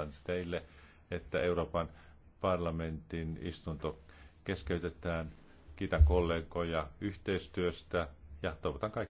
ilmoitan teille, että Euroopan parlamentin istunto keskeytetään. Kiitän kollegoja yhteistyöstä ja toivotan kaikki.